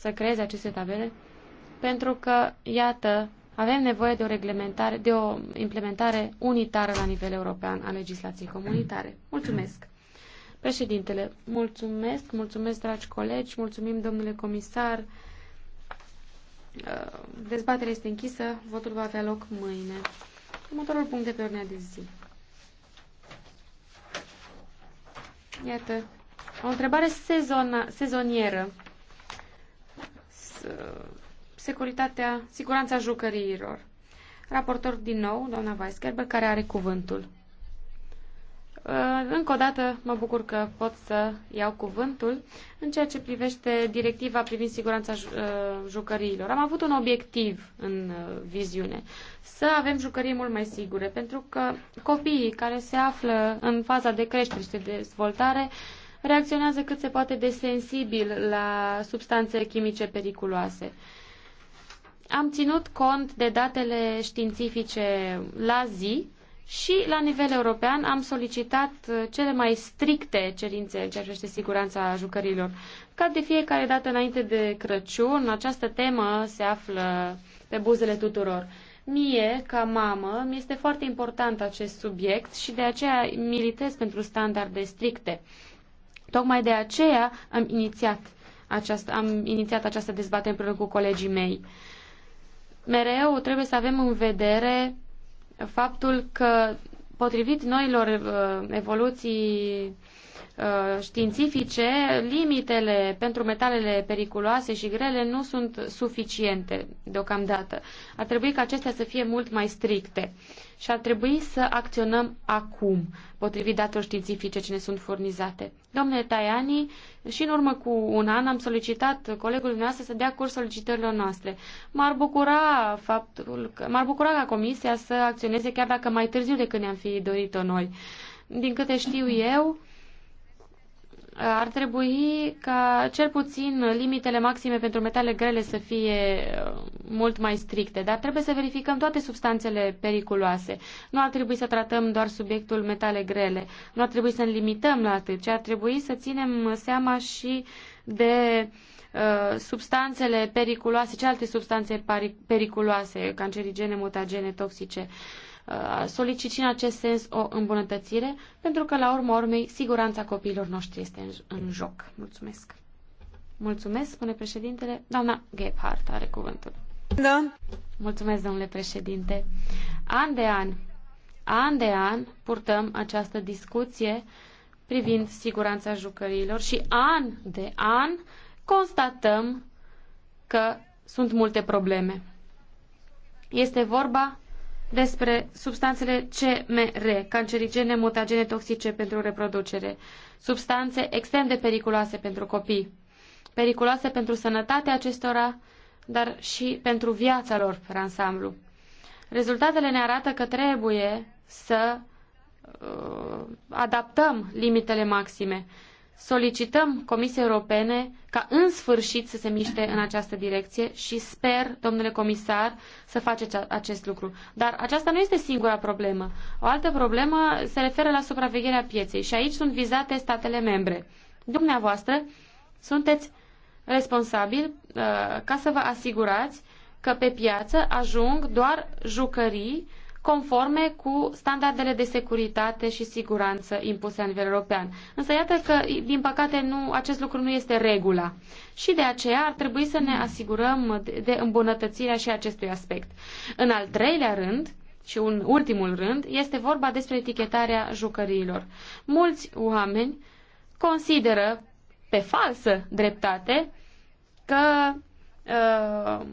să creeze aceste tabele, pentru că, iată, avem nevoie de o reglementare, de o implementare unitară la nivel european a legislației comunitare. Mulțumesc! Președintele, mulțumesc, mulțumesc, dragi colegi, mulțumim, domnule comisar. Dezbaterea este închisă, votul va avea loc mâine. Următorul punct de pe ordinea de zi. Iată, o întrebare sezona, sezonieră. Uh, securitatea, siguranța jucăriilor. Raportor din nou, doamna Weisgerber, care are cuvântul. Uh, încă o dată mă bucur că pot să iau cuvântul în ceea ce privește directiva privind siguranța uh, jucăriilor. Am avut un obiectiv în viziune, să avem jucării mult mai sigure, pentru că copiii care se află în faza de creștere și de dezvoltare uh, reacționează cât se poate de sensibil la substanțe chimice periculoase. Am ținut cont de datele științifice la zi și la nivel european am solicitat cele mai stricte cerințe în ceea ce siguranța jucărilor. Ca de fiecare dată înainte de Crăciun, această temă se află pe buzele tuturor. Mie, ca mamă, mi este foarte important acest subiect și de aceea militez pentru standarde stricte. Tocmai de aceea am inițiat această, am inițiat această dezbatere împreună cu colegii mei. Mereu trebuie să avem în vedere faptul că, potrivit noilor uh, evoluții Uh, științifice, limitele pentru metalele periculoase și grele nu sunt suficiente deocamdată. Ar trebui ca acestea să fie mult mai stricte și ar trebui să acționăm acum, potrivit datelor științifice ce ne sunt furnizate. Domnule Tajani, și în urmă cu un an am solicitat colegului noastră să dea curs solicitărilor noastre. M-ar bucura faptul că, m-ar bucura ca comisia să acționeze chiar dacă mai târziu decât ne-am fi dorit-o noi. Din câte știu eu, ar trebui ca cel puțin limitele maxime pentru metale grele să fie uh, mult mai stricte, dar trebuie să verificăm toate substanțele periculoase. Nu ar trebui să tratăm doar subiectul metale grele, nu ar trebui să ne limităm la atât, ci ar trebui să ținem seama și de uh, substanțele periculoase, celelalte substanțe periculoase, cancerigene, mutagene, toxice. Uh, Uh, solicit și în acest sens o îmbunătățire, pentru că, la urma urmei, siguranța copiilor noștri este în, în joc. Mulțumesc! Mulțumesc, spune președintele. Doamna Gephardt are cuvântul. Da. Mulțumesc, domnule președinte. An de an, an de an, purtăm această discuție privind siguranța jucăriilor și an de an constatăm că sunt multe probleme. Este vorba despre substanțele CMR, cancerigene, mutagene, toxice pentru reproducere, substanțe extrem de periculoase pentru copii, periculoase pentru sănătatea acestora, dar și pentru viața lor pe ansamblu. Rezultatele ne arată că trebuie să uh, adaptăm limitele maxime. Uh, solicităm Comisiei Europene ca în sfârșit să se miște în această direcție și sper, domnule comisar, să faceți acest lucru. Dar aceasta nu este singura problemă. O altă problemă se referă la supravegherea pieței și aici sunt vizate statele membre. Dumneavoastră sunteți responsabil uh, ca să vă asigurați că pe piață ajung doar jucării uh, conforme cu standardele de securitate și siguranță impuse la nivel european. Însă iată că, din păcate, nu, acest lucru nu este regula și de aceea ar trebui să ne asigurăm de îmbunătățirea și acestui aspect. În al treilea rând, și un ultimul rând, este vorba despre etichetarea jucăriilor. Mulți oameni consideră pe falsă dreptate că uh,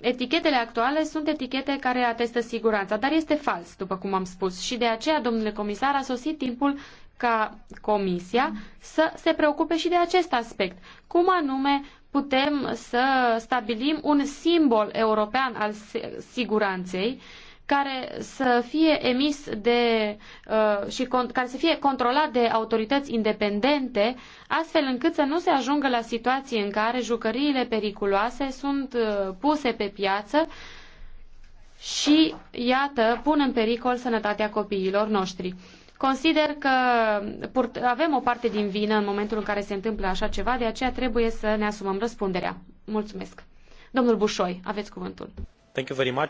etichetele actuale sunt etichete care atestă siguranța, dar este fals, după cum am spus. Și de aceea, domnule comisar, a sosit timpul ca Comisia să se preocupe și de acest aspect. Cum anume putem să stabilim un simbol european al siguranței uh, care să fie emis de uh, și con- care să fie controlat de autorități independente, astfel încât să nu se ajungă la situații în care jucăriile periculoase sunt uh, puse pe piață și, iată, pun în pericol sănătatea copiilor noștri. Consider că avem o parte din vină în momentul în care se întâmplă așa ceva, de aceea trebuie să ne asumăm răspunderea. Mulțumesc. Domnul Bușoi, aveți cuvântul. Thank you very much.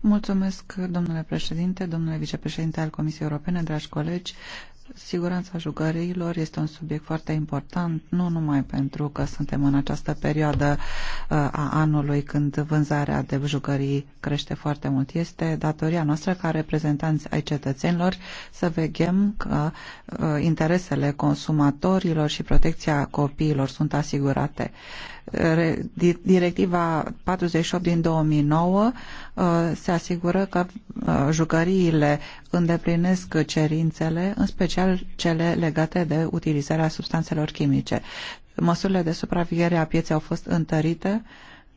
Mulțumesc, domnule președinte, domnule vicepreședinte al Comisiei Europene, dragi colegi. Siguranța jucăriilor este un subiect foarte important, nu numai pentru că suntem în această perioadă uh, a anului când vânzarea de jucării crește foarte mult. Este datoria noastră ca reprezentanți ai cetățenilor să vegem că uh, interesele consumatorilor și protecția copiilor sunt asigurate. Directiva 48 din 2009 uh, se asigură că jucăriile îndeplinesc cerințele, în special special cele legate de utilizarea substanțelor chimice. Măsurile de supraveghere a pieței au fost întărite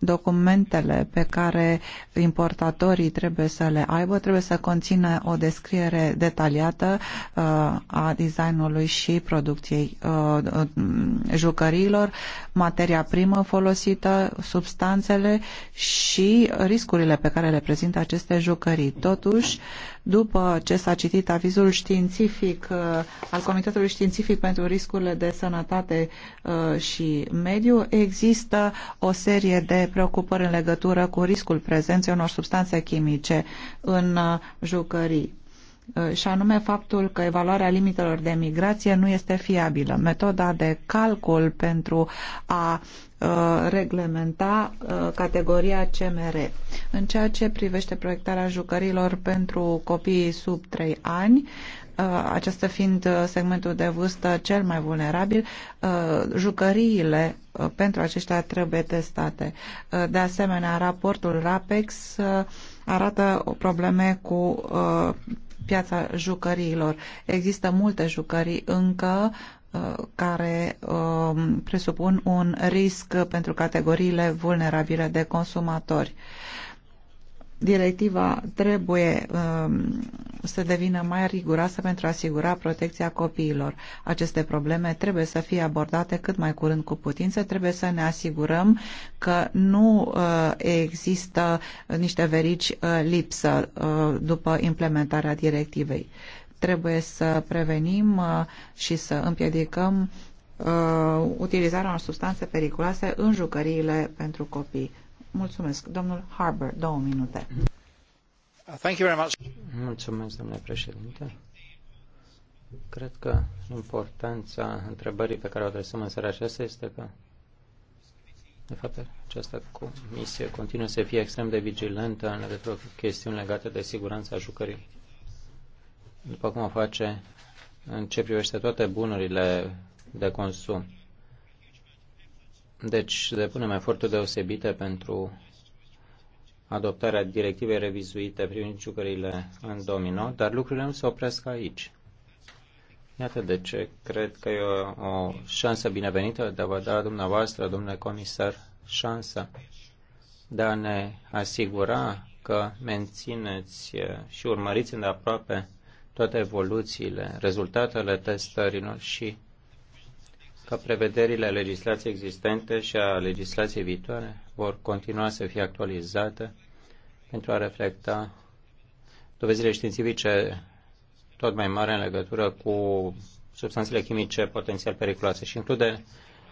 documentele pe care importatorii trebuie să le aibă trebuie să conțină o descriere detaliată uh, a designului și producției uh, jucăriilor, materia primă folosită, substanțele și riscurile pe care le prezintă aceste jucării. Totuși, după ce s-a citit avizul științific uh, al Comitetului Științific pentru Riscurile de Sănătate și Mediu, există o serie de preocupări în legătură cu riscul prezenței unor substanțe chimice în uh, jucării uh, și anume faptul că evaluarea limitelor de migrație nu este fiabilă. Metoda de calcul pentru a uh, reglementa categoria CMR. În ceea ce privește proiectarea jucărilor pentru copiii sub 3 ani, Uh, acesta fiind uh, segmentul de vârstă cel mai vulnerabil, uh, jucăriile pentru aceștia trebuie testate. De asemenea, raportul RAPEX arată probleme cu piața jucăriilor. Există multe jucării încă care um, presupun un risc pentru categoriile vulnerabile de consumatori. Directiva trebuie um, să devină mai riguroasă pentru a asigura protecția copiilor. Aceste probleme trebuie să fie abordate cât mai curând cu putință, trebuie să ne asigurăm că nu uh, există niște verici uh, lipsă uh, după implementarea directivei. Trebuie să prevenim uh, și să împiedicăm uh, utilizarea unor substanțe periculoase în jucăriile pentru copii Mulțumesc. Domnul Harbour, două minute. Thank you very much. Mulțumesc, domnule președinte. Cred că importanța întrebării pe care o adresăm în seara aceasta este că, de fapt, această comisie continuă să fie extrem de vigilentă în legătură cu chestiuni legate de siguranța jucării, după cum o face în ce privește toate bunurile de consum. Deci depunem eforturi deosebite pentru adoptarea directivei revizuite privind ciucările în domino, dar lucrurile nu se opresc aici. Iată de ce cred că e o, o șansă binevenită de a vă da dumneavoastră, domnule comisar, șansa de a ne asigura că mențineți și urmăriți îndeaproape toate evoluțiile, rezultatele testărilor și că prevederile legislației existente și a legislației viitoare vor continua să fie actualizate pentru a reflecta dovezile științifice tot mai mare în legătură cu substanțele chimice potențial periculoase și include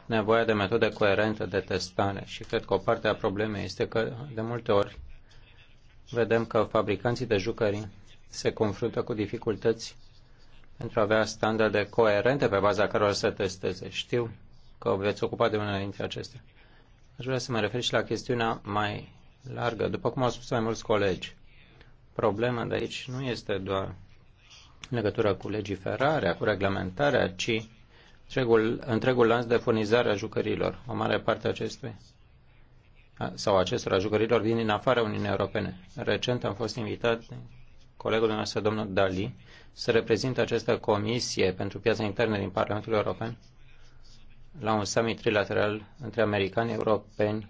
nevoia de metode coerente de testare. Și cred că o parte a problemei este că de multe ori vedem că fabricanții de jucării se confruntă cu dificultăți pentru a avea standarde coerente pe baza cărora să testeze. Știu că veți ocupa de unele dintre acestea. Aș vrea să mă refer și la chestiunea mai largă. După cum au spus mai mulți colegi, problema de aici nu este doar în legătură cu legiferarea, cu reglementarea, ci întregul, întregul lanț de furnizare a jucărilor. O mare parte a acestui sau acestora jucărilor vin din afara Uniunii Europene. Recent am fost invitat colegul nostru, domnul Dali, să reprezintă această comisie pentru piața internă din Parlamentul European la un summit trilateral între americani, europeni,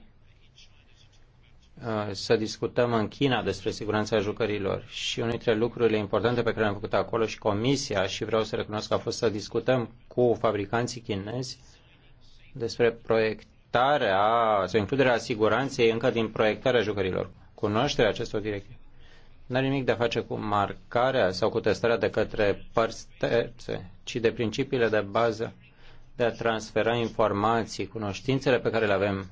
uh, să discutăm în China despre siguranța jucărilor. Și unul dintre lucrurile importante pe care le-am făcut acolo și comisia, și vreau să recunosc că a fost să discutăm cu fabricanții chinezi despre proiectarea, sau includerea siguranței încă din proiectarea jucărilor. Cunoașterea acestor directive nu are nimic de a face cu marcarea sau cu testarea de către părți terțe, ci de principiile de bază de a transfera informații, cunoștințele pe care le avem,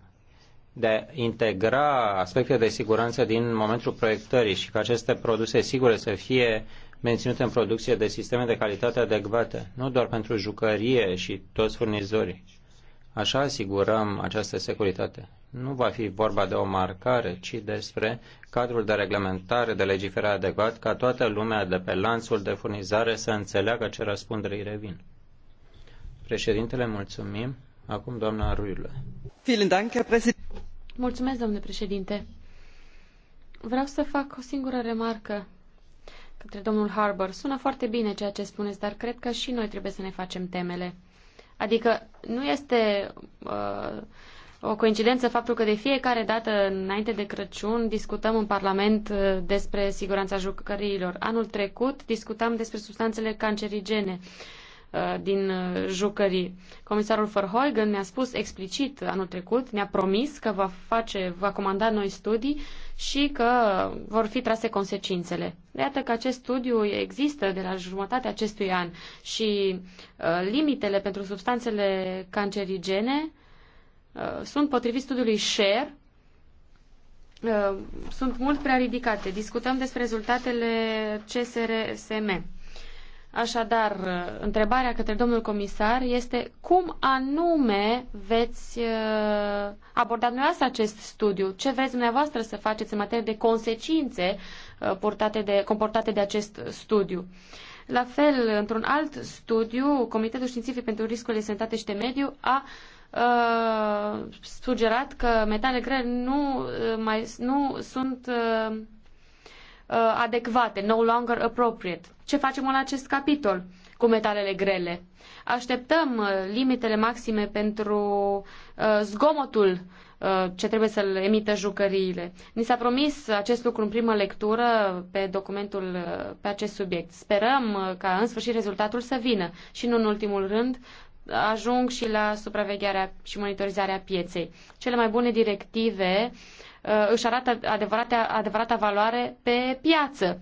de a integra aspecte de siguranță din momentul proiectării și ca aceste produse sigure să fie menținute în producție de sisteme de calitate adecvate, nu doar pentru jucărie și toți furnizorii. Așa asigurăm această securitate nu va fi vorba de o marcare, ci despre cadrul de reglementare, de legiferare adecvat, ca toată lumea de pe lanțul de furnizare să înțeleagă ce răspundere îi revin. Președintele, mulțumim. Acum doamna Ruiule. Mulțumesc, domnule președinte. Vreau să fac o singură remarcă către domnul Harbour. Sună foarte bine ceea ce spuneți, dar cred că și noi trebuie să ne facem temele. Adică nu este uh, o coincidență faptul că de fiecare dată înainte de Crăciun discutăm în Parlament uh, despre siguranța jucăriilor. Anul trecut discutam despre substanțele cancerigene uh, din uh, jucării. Comisarul Verheugen ne-a spus explicit anul trecut, ne-a promis că va face, va comanda noi studii și că vor fi trase consecințele. Iată că acest studiu există de la jumătatea acestui an și limitele pentru substanțele cancerigene Uh, sunt, potrivit studiului SHARE, uh, sunt mult prea ridicate. Discutăm despre rezultatele CSRSM. Așadar, uh, întrebarea către domnul comisar este cum anume veți aborda dumneavoastră acest studiu? Ce vreți dumneavoastră să faceți în materie de consecințe portate de, comportate de acest studiu? La fel, într-un alt studiu, Comitetul Științific pentru Riscurile Sănătate și de Mediu a uh, uh, sugerat că metale grele nu, uh, mai, nu sunt uh, uh, adecvate, no longer appropriate. Ce facem în acest capitol cu metalele grele? Așteptăm uh, limitele maxime pentru uh, zgomotul uh, ce trebuie să-l emită jucăriile. Ni s-a promis acest lucru în primă lectură pe documentul uh, pe acest subiect. Sperăm uh, ca în sfârșit rezultatul să vină și nu în ultimul rând ajung și la supravegherea și monitorizarea pieței. Cele mai bune directive uh, își arată adevărata, adevărata valoare pe piață.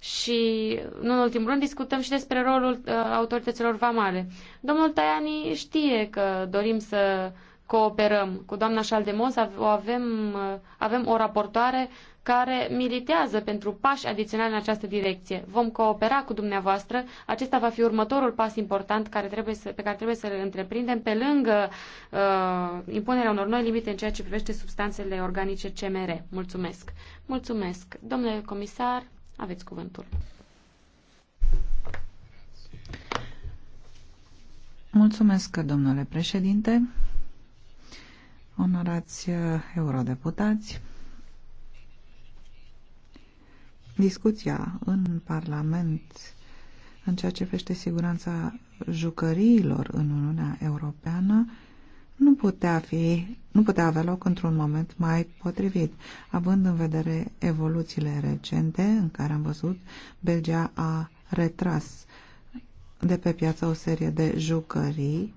Și, nu în ultimul rând, discutăm și despre rolul uh, autorităților vamale. Domnul Tajani știe că dorim să cooperăm. Cu doamna Șaldemos avem, uh, avem o raportoare care militează pentru pași adiționali în această direcție. Vom coopera cu dumneavoastră. Acesta va fi următorul pas important care trebuie să, pe care trebuie să l întreprindem pe lângă uh, impunerea unor noi limite în ceea ce privește substanțele organice CMR. Mulțumesc. Mulțumesc. Domnule comisar, aveți cuvântul. Mulțumesc, domnule președinte onorați uh, eurodeputați, discuția în Parlament în ceea ce vește siguranța jucăriilor în Uniunea Europeană nu putea, fi, nu putea avea loc într-un moment mai potrivit, având în vedere evoluțiile recente în care am văzut Belgia a retras de pe piață o serie de jucării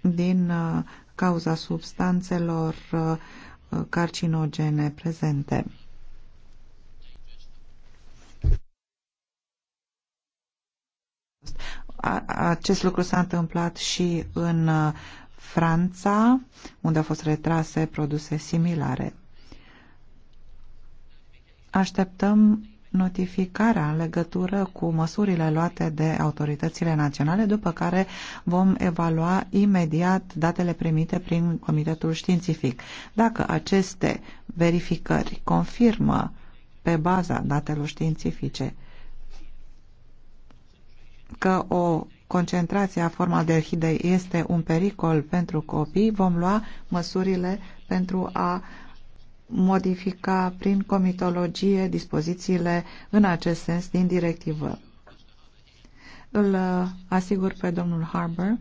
din uh, cauza substanțelor uh, carcinogene prezente. Acest lucru s-a întâmplat și în uh, Franța, unde au fost retrase produse similare. Așteptăm notificarea în legătură cu măsurile luate de autoritățile naționale, după care vom evalua imediat datele primite prin Comitetul Științific. Dacă aceste verificări confirmă pe baza datelor științifice că o concentrație a formaldehidei este un pericol pentru copii, vom lua măsurile pentru a modifica prin comitologie dispozițiile în acest sens din directivă. Îl uh, asigur pe domnul Harbour,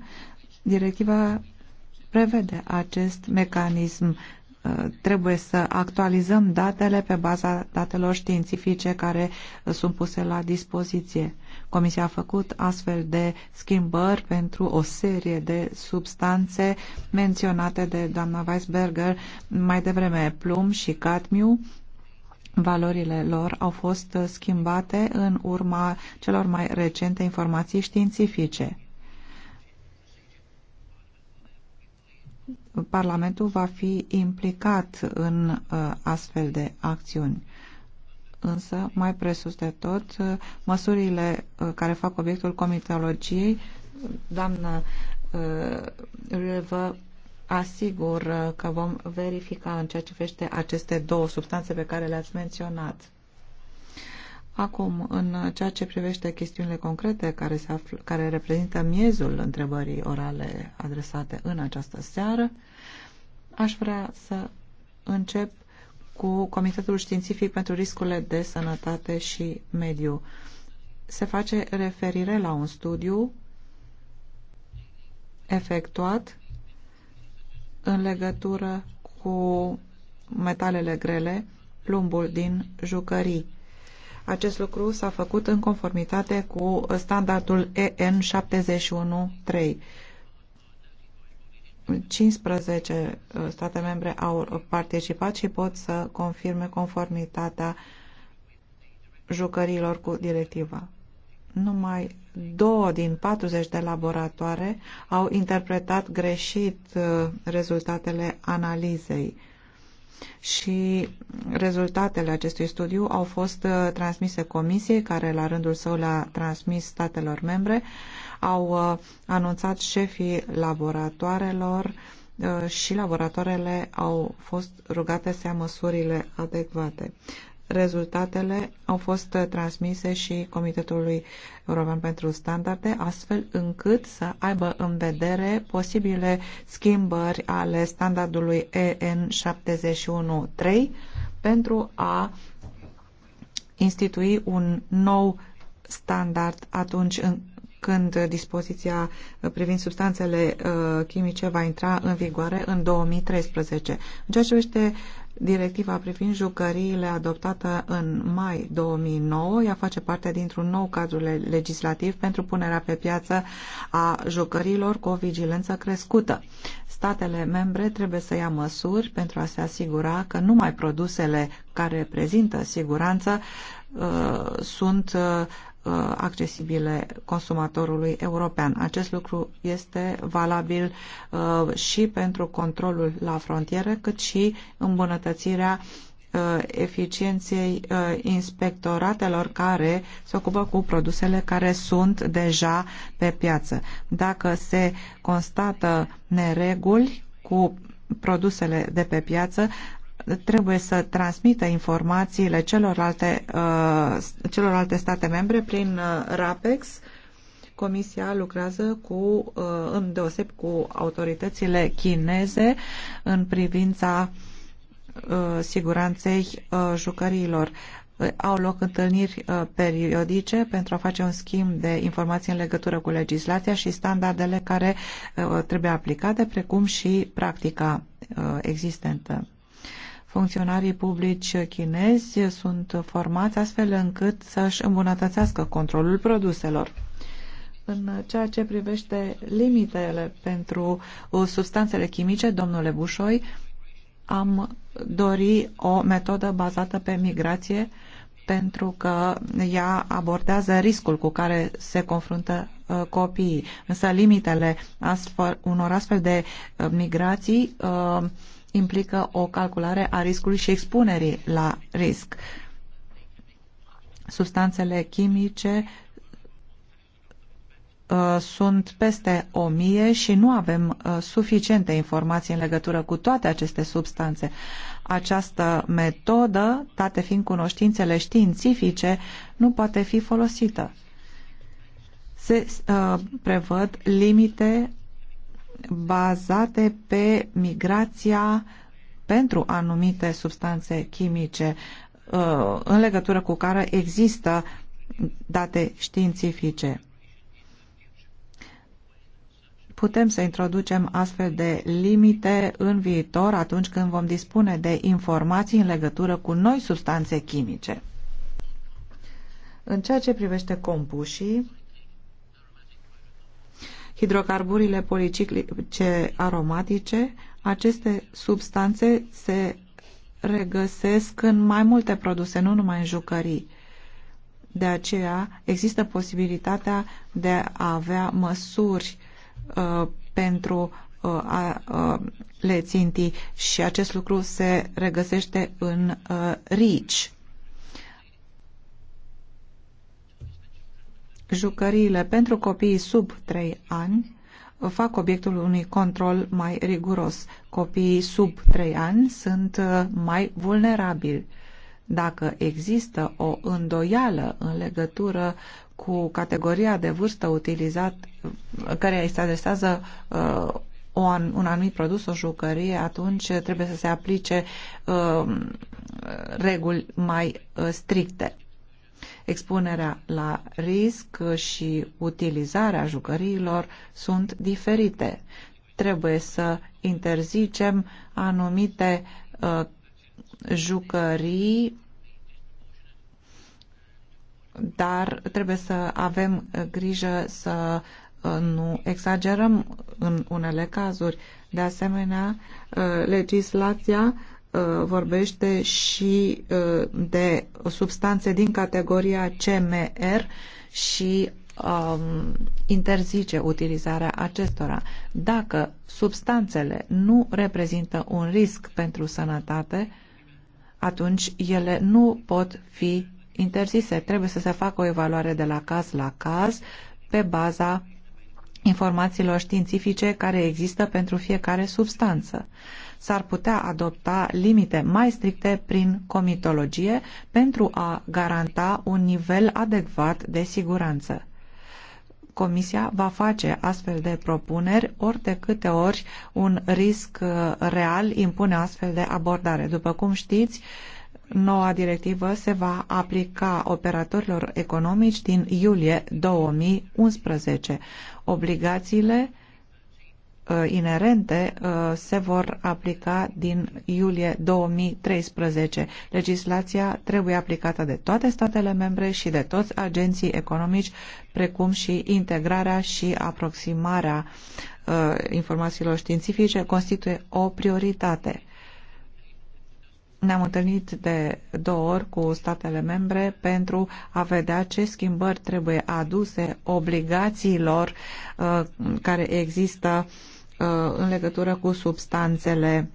directiva prevede acest mecanism. Uh, trebuie să actualizăm datele pe baza datelor științifice care uh, sunt puse la dispoziție. Comisia a făcut astfel de schimbări pentru o serie de substanțe menționate de doamna Weisberger mai devreme, plumb și cadmiu, Valorile lor au fost schimbate în urma celor mai recente informații științifice. Parlamentul va fi implicat în uh, astfel de acțiuni însă, mai presus de tot, măsurile uh, care fac obiectul comitologiei, doamnă uh, vă asigur uh, că vom verifica în ceea ce vește aceste două substanțe pe care le-ați menționat. Acum, în ceea ce privește chestiunile concrete care, se află, care reprezintă miezul întrebării orale adresate în această seară, aș vrea să încep cu Comitetul Științific pentru Riscurile de Sănătate și Mediu. Se face referire la un studiu efectuat în legătură cu metalele grele, plumbul din jucării. Acest lucru s-a făcut în conformitate cu standardul EN 713. 15 uh, state membre au uh, participat și pot să confirme conformitatea jucărilor cu directiva. Numai două din 40 de laboratoare au interpretat greșit uh, rezultatele analizei și rezultatele acestui studiu au fost transmise comisiei, care la rândul său le-a transmis statelor membre. Uh, au uh, anunțat șefii laboratoarelor uh, și laboratoarele au fost rugate să ia măsurile adecvate. Rezultatele au fost transmise și Comitetului European pentru Standarde, astfel încât să aibă în vedere posibile schimbări ale standardului EN713 pentru a institui un nou standard atunci când dispoziția privind substanțele uh, chimice va intra în vigoare în 2013. În ceea ce privește directiva privind jucăriile adoptată în mai 2009, ea face parte dintr-un nou cadru legislativ pentru punerea pe piață a jucăriilor cu o vigilență crescută. Statele membre trebuie să ia măsuri pentru a se asigura că numai produsele care prezintă siguranță uh, sunt uh, Uh, accesibile consumatorului european. Acest lucru este valabil uh, și pentru controlul la frontieră, cât și îmbunătățirea uh, eficienței inspectoratelor care se ocupă cu produsele care sunt deja pe piață. Dacă se constată nereguli cu produsele de pe piață, trebuie să transmită informațiile celorlalte, uh, celorlalte state membre prin uh, RAPEX. Comisia lucrează cu, uh, în deoseb cu autoritățile chineze în privința siguranței jucăriilor. Au loc întâlniri periodice pentru a face un schimb de informații în legătură cu legislația și standardele care trebuie aplicate, precum și practica existentă. Funcționarii publici chinezi sunt formați astfel încât să-și îmbunătățească controlul produselor. În ceea ce privește limitele pentru uh, substanțele chimice, domnule Bușoi, am dori o metodă bazată pe migrație pentru că ea abordează riscul cu care se confruntă uh, copiii. Însă limitele astfel, unor astfel de uh, migrații uh, implică o calculare a riscului și expunerii la risc. Substanțele chimice uh, sunt peste o mie și nu avem uh, suficiente informații în legătură cu toate aceste substanțe. Această metodă, date fiind cunoștințele științifice, nu poate fi folosită. Se uh, prevăd limite bazate pe migrația pentru anumite substanțe chimice uh, în legătură cu care există date științifice. Putem să introducem astfel de limite în viitor atunci când vom dispune de informații în legătură cu noi substanțe chimice. În ceea ce privește compușii, hidrocarburile policiclice aromatice, aceste substanțe se regăsesc în mai multe produse, nu numai în jucării. De aceea există posibilitatea de a avea măsuri uh, pentru uh, a uh, le ținti și acest lucru se regăsește în uh, RICI jucăriile pentru copiii sub 3 ani fac obiectul unui control mai riguros. Copiii sub 3 ani sunt uh, mai vulnerabili. Dacă există o îndoială în legătură cu categoria de vârstă utilizat, care îi se adresează uh, o an, un anumit produs, o jucărie, atunci trebuie să se aplice uh, reguli mai uh, stricte. Expunerea la risc și utilizarea jucăriilor sunt diferite. Trebuie să interzicem anumite uh, jucării dar trebuie să avem grijă să uh, nu exagerăm în unele cazuri. De asemenea, uh, legislația Uh, vorbește și uh, de substanțe din categoria CMR și um, interzice utilizarea acestora. Dacă substanțele nu reprezintă un risc pentru sănătate, atunci ele nu pot fi interzise. Trebuie să se facă o evaluare de la caz la caz pe baza informațiilor științifice care există pentru fiecare substanță. Uh, s-ar putea adopta limite mai stricte prin comitologie pentru a garanta un nivel adecvat de siguranță. Comisia va face astfel de propuneri ori de câte ori un risc uh, real impune astfel de abordare. După cum știți, noua directivă se va aplica operatorilor economici din iulie 2011. Obligațiile Uh, inerente uh, se vor aplica din iulie 2013. Legislația trebuie aplicată de toate statele membre și de toți agenții economici, precum și integrarea și aproximarea uh, informațiilor științifice constituie o prioritate. Ne-am întâlnit de două ori cu statele membre pentru a vedea ce schimbări trebuie aduse obligațiilor uh, care există uh, în legătură cu substanțele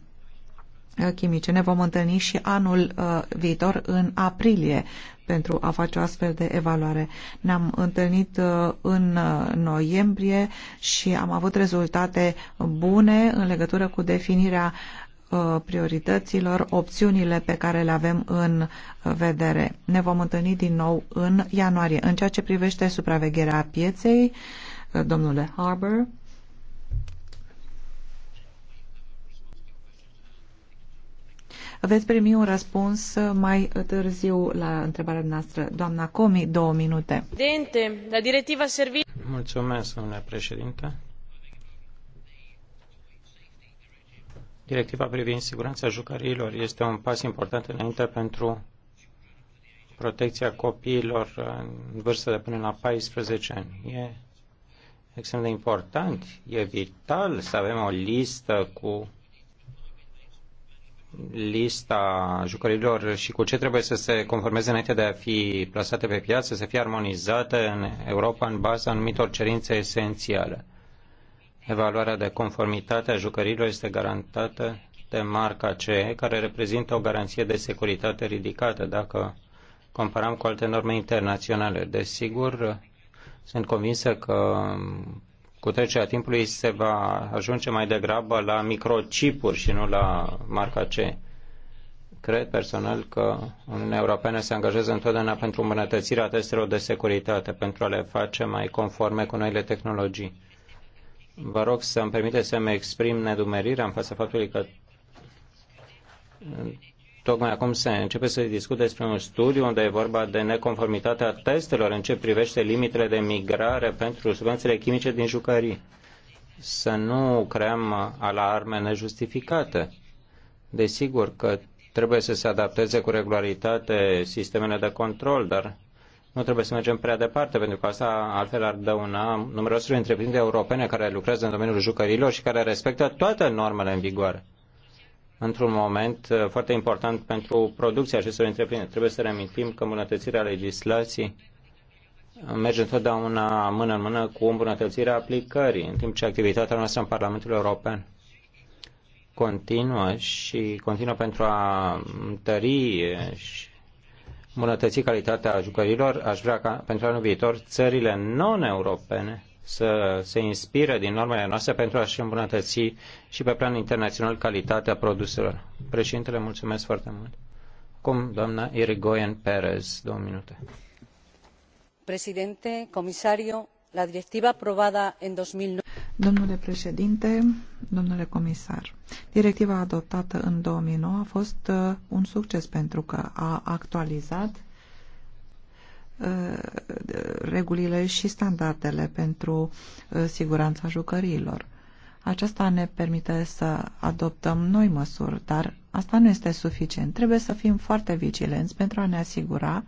uh, chimice. Ne vom întâlni și anul uh, viitor în aprilie pentru a face o astfel de evaluare. Ne-am întâlnit uh, în noiembrie și am avut rezultate bune în legătură cu definirea priorităților, opțiunile pe care le avem în vedere. Ne vom întâlni din nou în ianuarie. În ceea ce privește supravegherea pieței, domnule Harbour, Veți primi un răspuns mai târziu la întrebarea noastră. Doamna Comi, două minute. La directiva servii... Mulțumesc, domnule președinte. Directiva privind siguranța jucăriilor este un pas important înainte pentru protecția copiilor în vârstă de până la 14 ani. E extrem de important, e vital să avem o listă cu lista jucărilor și cu ce trebuie să se conformeze înainte de a fi plasate pe piață, să fie armonizate în Europa în baza anumitor cerințe esențiale. Evaluarea de conformitate a jucărilor este garantată de marca CE, care reprezintă o garanție de securitate ridicată dacă comparăm cu alte norme internaționale. Desigur, sunt convinsă că cu trecerea timpului se va ajunge mai degrabă la microcipuri și nu la marca C. Cred personal că Uniunea Europeană se angajează întotdeauna pentru îmbunătățirea testelor de securitate, pentru a le face mai conforme cu noile tehnologii. Vă rog să mi permite să-mi exprim nedumerirea în fața faptului că Tocmai acum se începe să discute despre un studiu unde e vorba de neconformitatea testelor în ce privește limitele de migrare pentru substanțele chimice din jucării. Să nu creăm alarme nejustificate. Desigur că trebuie să se adapteze cu regularitate sistemele de control, dar nu trebuie să mergem prea departe, pentru că asta altfel ar dăuna numeroasele întreprinderi europene care lucrează în domeniul jucărilor și care respectă toate normele în vigoare într-un moment uh, foarte important pentru producția acestor întreprinderi. Trebuie să reamintim că îmbunătățirea legislației uh, merge întotdeauna mână în mână cu îmbunătățirea aplicării, în timp ce activitatea noastră în Parlamentul European continuă și continuă pentru a întări și îmbunătăți calitatea jucărilor. Aș vrea ca pentru anul viitor țările non-europene să se inspire din normele noastre pentru a-și îmbunătăți și pe plan internațional calitatea produselor. Președintele, mulțumesc foarte mult. Cum doamna Irigoyen Perez, două minute. Președinte, comisario, la directiva aprobada în 2009. Domnule președinte, domnule comisar, directiva adoptată în 2009 a fost uh, un succes pentru că a actualizat Uh, regulile și standardele pentru uh, siguranța jucăriilor. Aceasta ne permite să adoptăm noi măsuri, dar Asta nu este suficient. Trebuie să fim foarte vigilenți pentru a ne asigura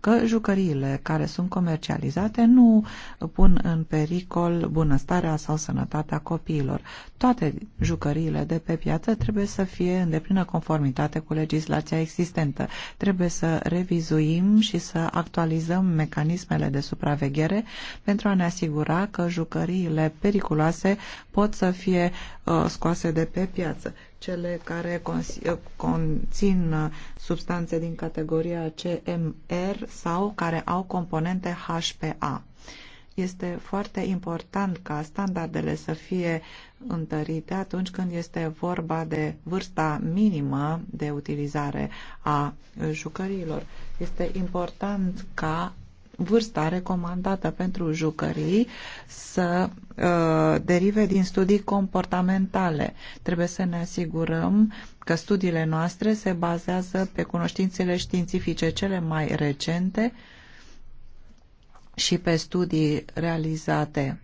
că jucăriile care sunt comercializate nu pun în pericol bunăstarea sau sănătatea copiilor. Toate jucăriile de pe piață trebuie să fie în deplină conformitate cu legislația existentă. Trebuie să revizuim și să actualizăm mecanismele de supraveghere pentru a ne asigura că jucăriile periculoase pot să fie uh, scoase de pe piață cele care eh, conțin eh, substanțe din categoria CMR sau care au componente HPA. Este foarte important ca standardele să fie întărite atunci când este vorba de vârsta minimă de utilizare a jucăriilor. Este important ca vârsta recomandată pentru jucării să uh, derive din studii comportamentale. Trebuie să ne asigurăm că studiile noastre se bazează pe cunoștințele științifice cele mai recente și pe studii realizate.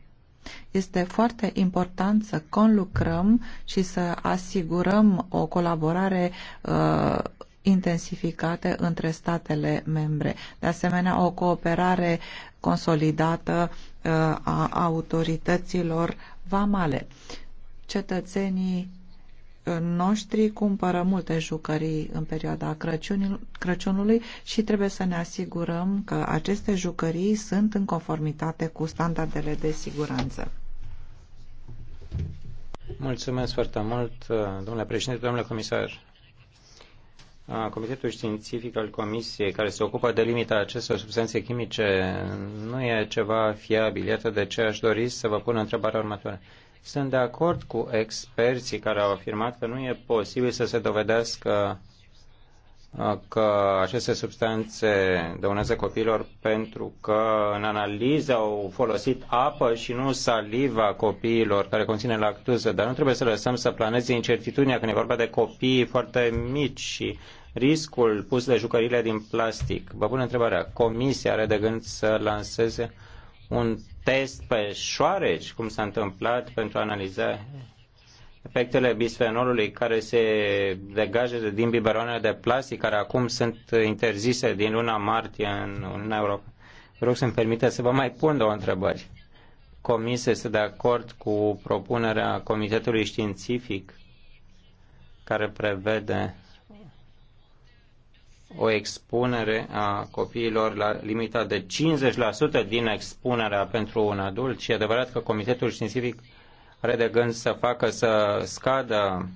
Este foarte important să conlucrăm și să asigurăm o colaborare uh, intensificate între statele membre. De asemenea, o cooperare consolidată uh, a autorităților vamale. Cetățenii uh, noștri cumpără multe jucării în perioada Crăciunului și trebuie să ne asigurăm că aceste jucării sunt în conformitate cu standardele de siguranță. Mulțumesc foarte mult, uh, domnule președinte, domnule comisar. Comitetul științific al Comisiei care se ocupă de limita acestor substanțe chimice nu e ceva fiabil. Iată de ce aș dori să vă pun întrebarea următoare. Sunt de acord cu experții care au afirmat că nu e posibil să se dovedească că aceste substanțe dăunează copiilor pentru că în analiză au folosit apă și nu saliva copiilor care conține lactuză, dar nu trebuie să lăsăm să planeze incertitudinea când e vorba de copii foarte mici și riscul pus de jucările din plastic. Vă pun întrebarea, comisia are de gând să lanseze un test pe șoareci, cum s-a întâmplat, pentru a analiza efectele bisfenolului care se degaje din biberoanele de plastic, care acum sunt interzise din luna martie în Uniunea Europa. Vă rog să-mi permite să vă mai pun două întrebări. Comisia este de acord cu propunerea Comitetului Științific care prevede o expunere a copiilor la limita de 50% din expunerea pentru un adult și e adevărat că Comitetul Științific are de gând să facă să scadă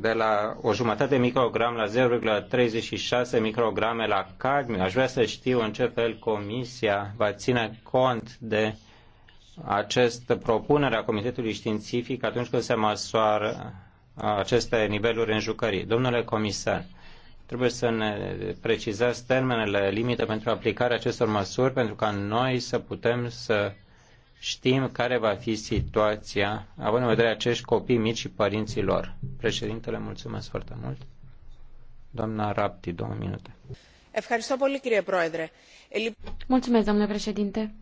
de la o jumătate de microgram la 0,36 micrograme la cadmiu. Aș vrea să știu în ce fel Comisia va ține cont de această propunere a Comitetului Științific atunci când se măsoară aceste niveluri în jucării. Domnule comisar, trebuie să ne precizați termenele limite pentru aplicarea acestor măsuri pentru ca noi să putem să știm care va fi situația, având în vedere acești copii mici și părinții lor. Președintele, mulțumesc foarte mult. Doamna Rapti, două minute. Mulțumesc, domnule președinte.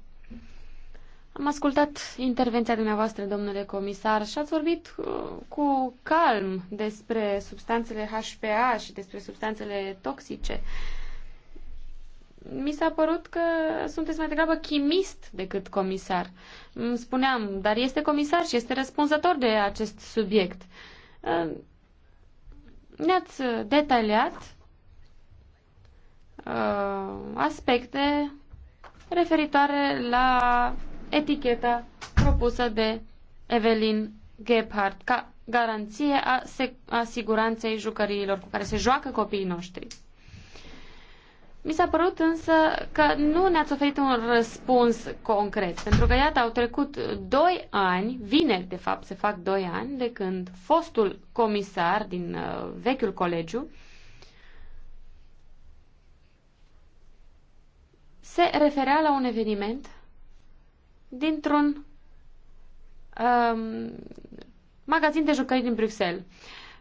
Am ascultat intervenția dumneavoastră, domnule comisar, și ați vorbit uh, cu calm despre substanțele HPA și despre substanțele toxice. Uh, mi s-a părut că sunteți mai degrabă chimist decât comisar. Îmi spuneam, dar este comisar și este răspunzător de acest subiect. Ne-ați detaliat uh, aspecte referitoare la eticheta propusă de Evelyn Gebhardt ca garanție a, a siguranței jucăriilor cu care se joacă copiii noștri. Mi s-a părut însă că nu ne-ați oferit un răspuns concret, pentru că, iată, au trecut doi ani, vineri, de fapt, se fac doi ani, de când fostul comisar din uh, vechiul colegiu se referea la un eveniment dintr-un um, magazin de jucării din Bruxelles.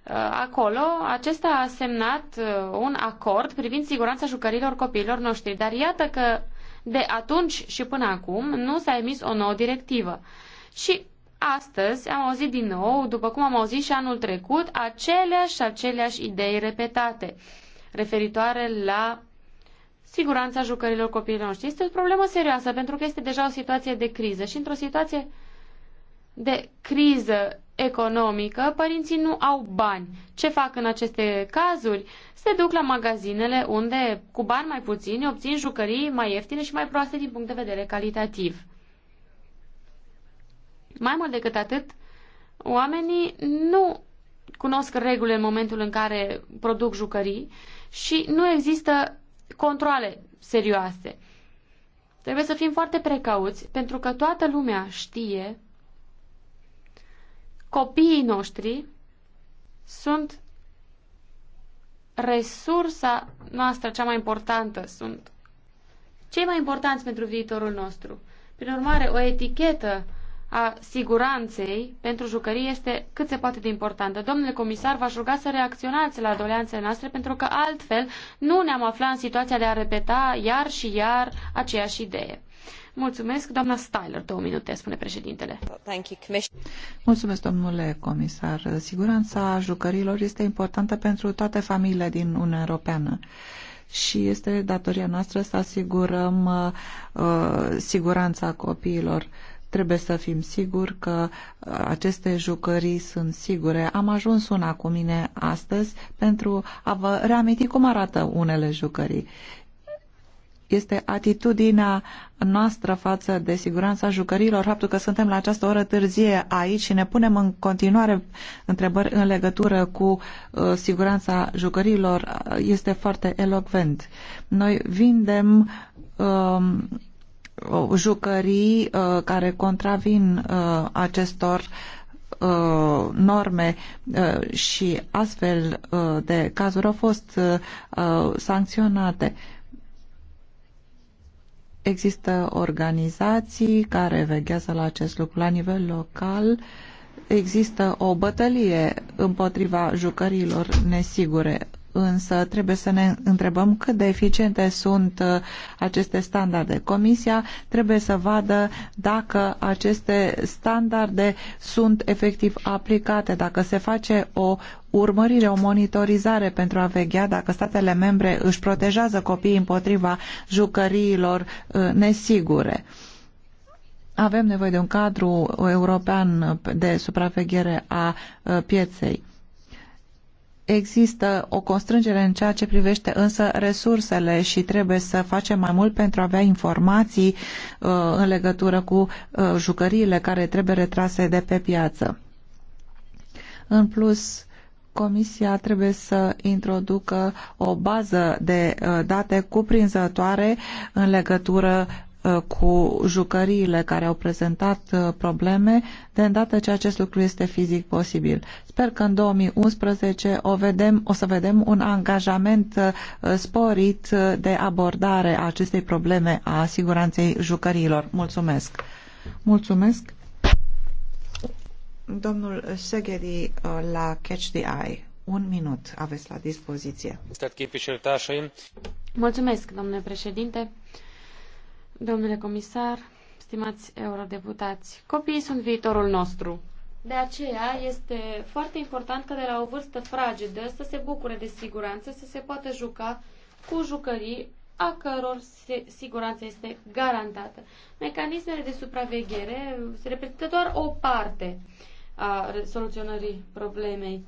Uh, acolo, acesta a semnat uh, un acord privind siguranța jucărilor copiilor noștri. Dar iată că de atunci și până acum nu s-a emis o nouă directivă. Și astăzi am auzit din nou, după cum am auzit și anul trecut, aceleași și aceleași idei repetate referitoare la siguranța jucărilor copiilor noștri. Este o problemă serioasă pentru că este deja o situație de criză și într-o situație de criză economică, părinții nu au bani. Ce fac în aceste cazuri? Se duc la magazinele unde, cu bani mai puțini, obțin jucării mai ieftine și mai proaste din punct de vedere calitativ. Mai mult decât atât, oamenii nu cunosc regulile în momentul în care produc jucării și nu există controle serioase. Trebuie să fim foarte precauți, pentru că toată lumea știe copiii noștri sunt resursa noastră cea mai importantă, sunt cei mai importanți pentru viitorul nostru. Prin urmare, o etichetă a siguranței pentru jucării este cât se poate de importantă. Domnule comisar, v-aș ruga să reacționați la doleanțele noastre, pentru că altfel nu ne-am aflat în situația de a repeta iar și iar aceeași idee. Mulțumesc, doamna Styler, două minute, spune președintele. Mulțumesc, domnule comisar. Siguranța jucărilor este importantă pentru toate familiile din Uniunea Europeană și este datoria noastră să asigurăm uh, siguranța copiilor trebuie să fim siguri că uh, aceste jucării sunt sigure. Am ajuns una cu mine astăzi pentru a vă reaminti cum arată unele jucării este atitudinea noastră față de siguranța jucărilor, faptul că suntem la această oră târzie aici și ne punem în continuare întrebări în legătură cu uh, siguranța jucărilor, uh, este foarte elocvent. Noi vindem uh, jucării uh, care contravin uh, acestor uh, norme uh, și astfel de cazuri au fost sancționate Există organizații care veghează la acest lucru la nivel local. Există o bătălie împotriva jucărilor nesigure însă trebuie să ne întrebăm cât de eficiente sunt uh, aceste standarde. Comisia trebuie să vadă dacă aceste standarde sunt efectiv aplicate, dacă se face o urmărire, o monitorizare pentru a veghea dacă statele membre își protejează copiii împotriva jucăriilor uh, nesigure avem nevoie de un cadru european de supraveghere a uh, pieței. Există o constrângere în ceea ce privește însă resursele și trebuie să facem mai mult pentru a avea informații uh, în legătură cu uh, jucăriile care trebuie retrase de pe piață. În plus, Comisia trebuie să introducă o bază de uh, date cuprinzătoare în legătură Uh, cu jucăriile care au prezentat uh, probleme de îndată ce acest lucru este fizic posibil. Sper că în 2011 o, vedem, o să vedem un angajament uh, sporit de abordare a acestei probleme a siguranței jucăriilor. Mulțumesc! Mulțumesc! Domnul Segedi la Catch the Eye. Un minut aveți la dispoziție. Mulțumesc, domnule președinte. Domnule comisar, stimați eurodeputați, copiii sunt viitorul nostru. De aceea este foarte important că de la o vârstă fragedă să se bucure de siguranță, să se poată juca cu jucării a căror siguranță este garantată. Mecanismele de supraveghere se reprezintă doar o parte a soluționării problemei.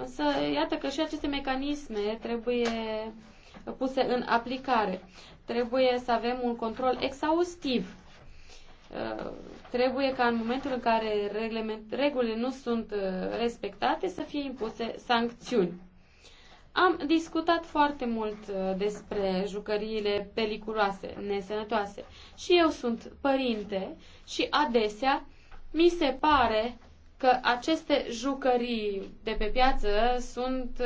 Însă, iată că și aceste mecanisme trebuie puse în aplicare trebuie să avem un control exhaustiv. Uh, trebuie ca în momentul în care regulile nu sunt uh, respectate să fie impuse sancțiuni. Am discutat foarte mult uh, despre jucăriile periculoase, nesănătoase. Și eu sunt părinte și adesea mi se pare că aceste jucării de pe piață sunt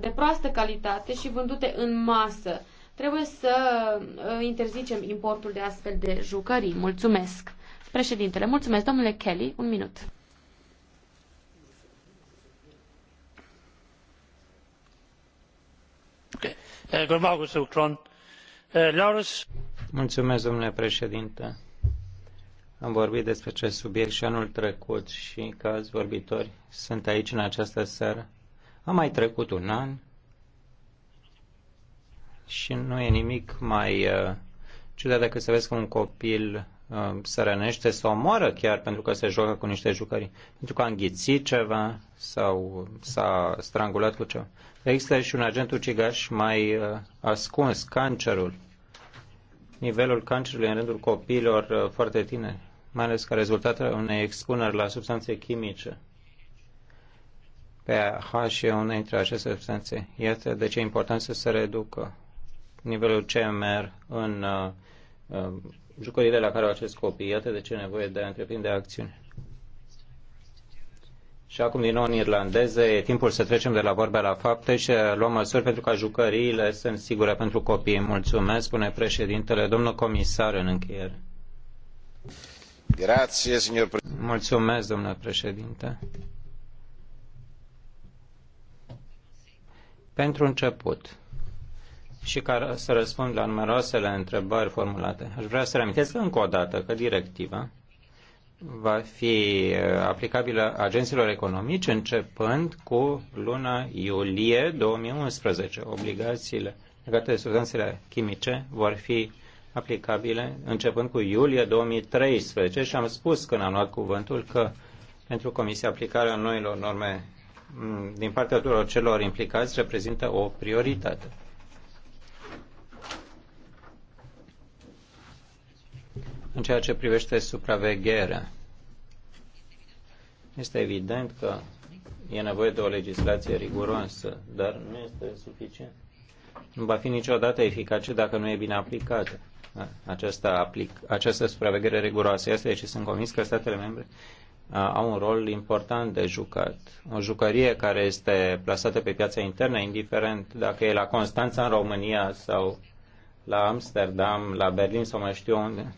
de proastă calitate și vândute în masă. Trebuie să ă, interzicem importul de astfel de jucării. Mulțumesc. Președintele, mulțumesc. Domnule Kelly, un minut. Eh, eh, mulțumesc, domnule președinte. Am vorbit despre acest subiect și anul trecut și ca vorbitori sunt aici în această seară. A mai trecut un an și nu e nimic mai uh, ciudat decât să vezi că un copil uh, se rănește sau moară chiar pentru că se joacă cu niște jucării, pentru că a înghițit ceva sau s-a strangulat cu ceva. Există și un agent ucigaș mai uh, ascuns, cancerul. Nivelul cancerului în rândul copiilor foarte tineri, mai ales ca rezultat al unei expuneri la substanțe chimice. PH e una dintre aceste substanțe. Iată de ce e important să se reducă nivelul CMR în uh, uh, jucările la care au acest copii. Iată de ce e nevoie de a întreprinde acțiune. Și acum din nou în irlandeze, e timpul să trecem de la vorbe la fapte și luăm măsuri pentru ca jucăriile sunt sigure pentru copii. Mulțumesc, spune președintele, domnul comisar în încheiere. Grazie, signor... Mulțumesc, domnule președinte. Pentru început, și care să răspund la numeroasele întrebări formulate. Aș vrea să reamintesc încă o dată că directiva va fi uh, aplicabilă agenților economici începând cu luna iulie 2011. Obligațiile legate de substanțele chimice vor fi aplicabile începând cu iulie 2013 și am spus când am luat cuvântul că pentru Comisia aplicarea noilor norme din partea tuturor celor implicați reprezintă o prioritate. În ceea ce privește supravegherea, este evident că e nevoie de o legislație riguroasă, dar nu este suficient. Nu va fi niciodată eficace dacă nu e bine aplicată această, aplic, această supraveghere riguroasă. Asta și sunt convins că statele membre au un rol important de jucat. O jucărie care este plasată pe piața internă, indiferent dacă e la Constanța în România sau la Amsterdam, la Berlin sau mai știu unde,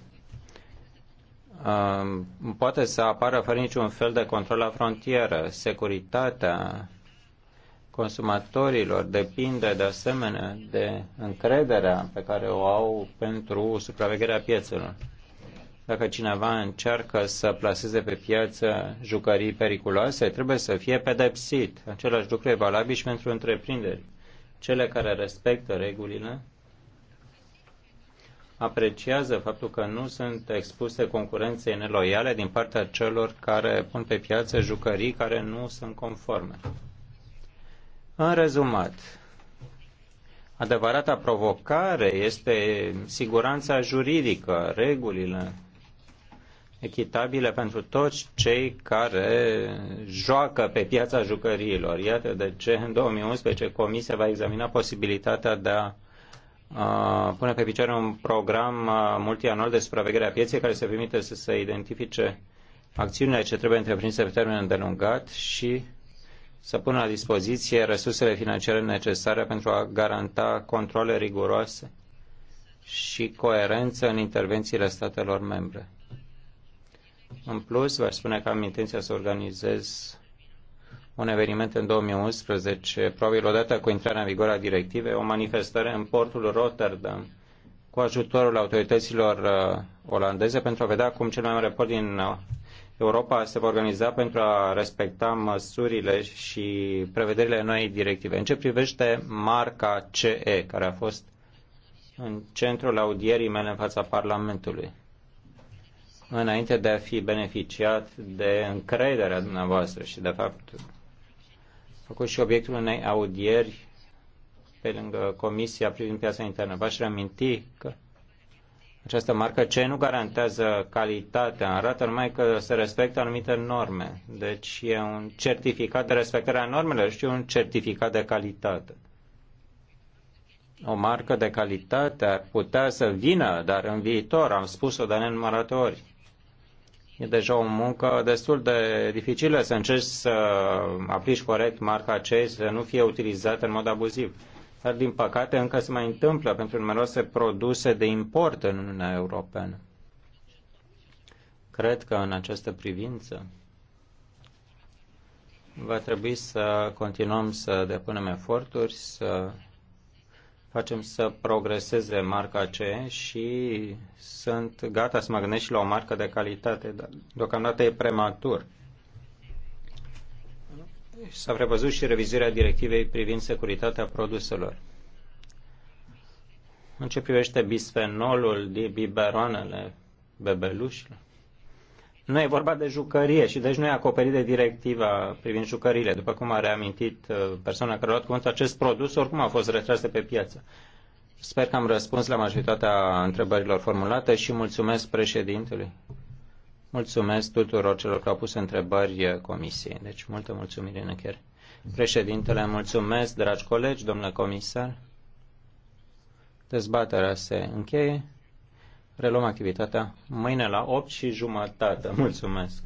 poate să apară fără niciun fel de control la frontieră. Securitatea consumatorilor depinde de asemenea de încrederea pe care o au pentru supravegherea piețelor. Dacă cineva încearcă să plaseze pe piață jucării periculoase, trebuie să fie pedepsit. Același lucru e valabil și pentru întreprinderi. Cele care respectă regulile apreciază faptul că nu sunt expuse concurenței neloiale din partea celor care pun pe piață jucării care nu sunt conforme. În rezumat, adevărata provocare este siguranța juridică, regulile echitabile pentru toți cei care joacă pe piața jucăriilor. Iată de ce în 2011 Comisia va examina posibilitatea de a pune pe picioare un program multianual de supraveghere a pieței care să permite să se identifice acțiunile ce trebuie întreprinse pe termen îndelungat și să pună la dispoziție resursele financiare necesare pentru a garanta controle riguroase și coerență în intervențiile statelor membre. În plus, v-aș spune că am intenția să organizez un eveniment în 2011, probabil odată cu intrarea în vigoare a directivei, o manifestare în portul Rotterdam cu ajutorul autorităților uh, olandeze pentru a vedea cum cel mai mare port din uh, Europa se va organiza pentru a respecta măsurile și prevederile noii directive. În ce privește marca CE, care a fost în centrul audierii mele în fața Parlamentului, înainte de a fi beneficiat de încrederea dumneavoastră și de fapt făcut și obiectul unei audieri pe lângă Comisia privind piața internă. V-aș reaminti că această marcă ce nu garantează calitatea, arată numai că se respectă anumite norme. Deci e un certificat de respectare a normelor și un certificat de calitate. O marcă de calitate ar putea să vină, dar în viitor, am spus-o de nenumărate ori, E deja o muncă destul de dificilă să încerci să uh, aplici corect marca C, să nu fie utilizată în mod abuziv. Dar, din păcate, încă se mai întâmplă pentru numeroase produse de import în Uniunea Europeană. Cred că în această privință va trebui să continuăm să depunem eforturi, să facem să progreseze marca CE și sunt gata să mă gândesc și la o marcă de calitate, dar deocamdată e prematur. S-a prevăzut și revizuirea directivei privind securitatea produselor. În ce privește bisfenolul din biberoanele bebelușilor, nu e vorba de jucărie și deci nu e acoperit de directiva privind jucările. După cum a reamintit uh, persoana care a luat cuvântul, acest produs oricum a fost retras de pe piață. Sper că am răspuns la majoritatea întrebărilor formulate și mulțumesc președintelui. Mulțumesc tuturor celor care au pus întrebări comisiei. Deci, multă mulțumire în încheiere. Președintele, mulțumesc, dragi colegi, domnule comisar. Dezbaterea se încheie. Reluăm activitatea mâine la 8 și jumătate. Mulțumesc!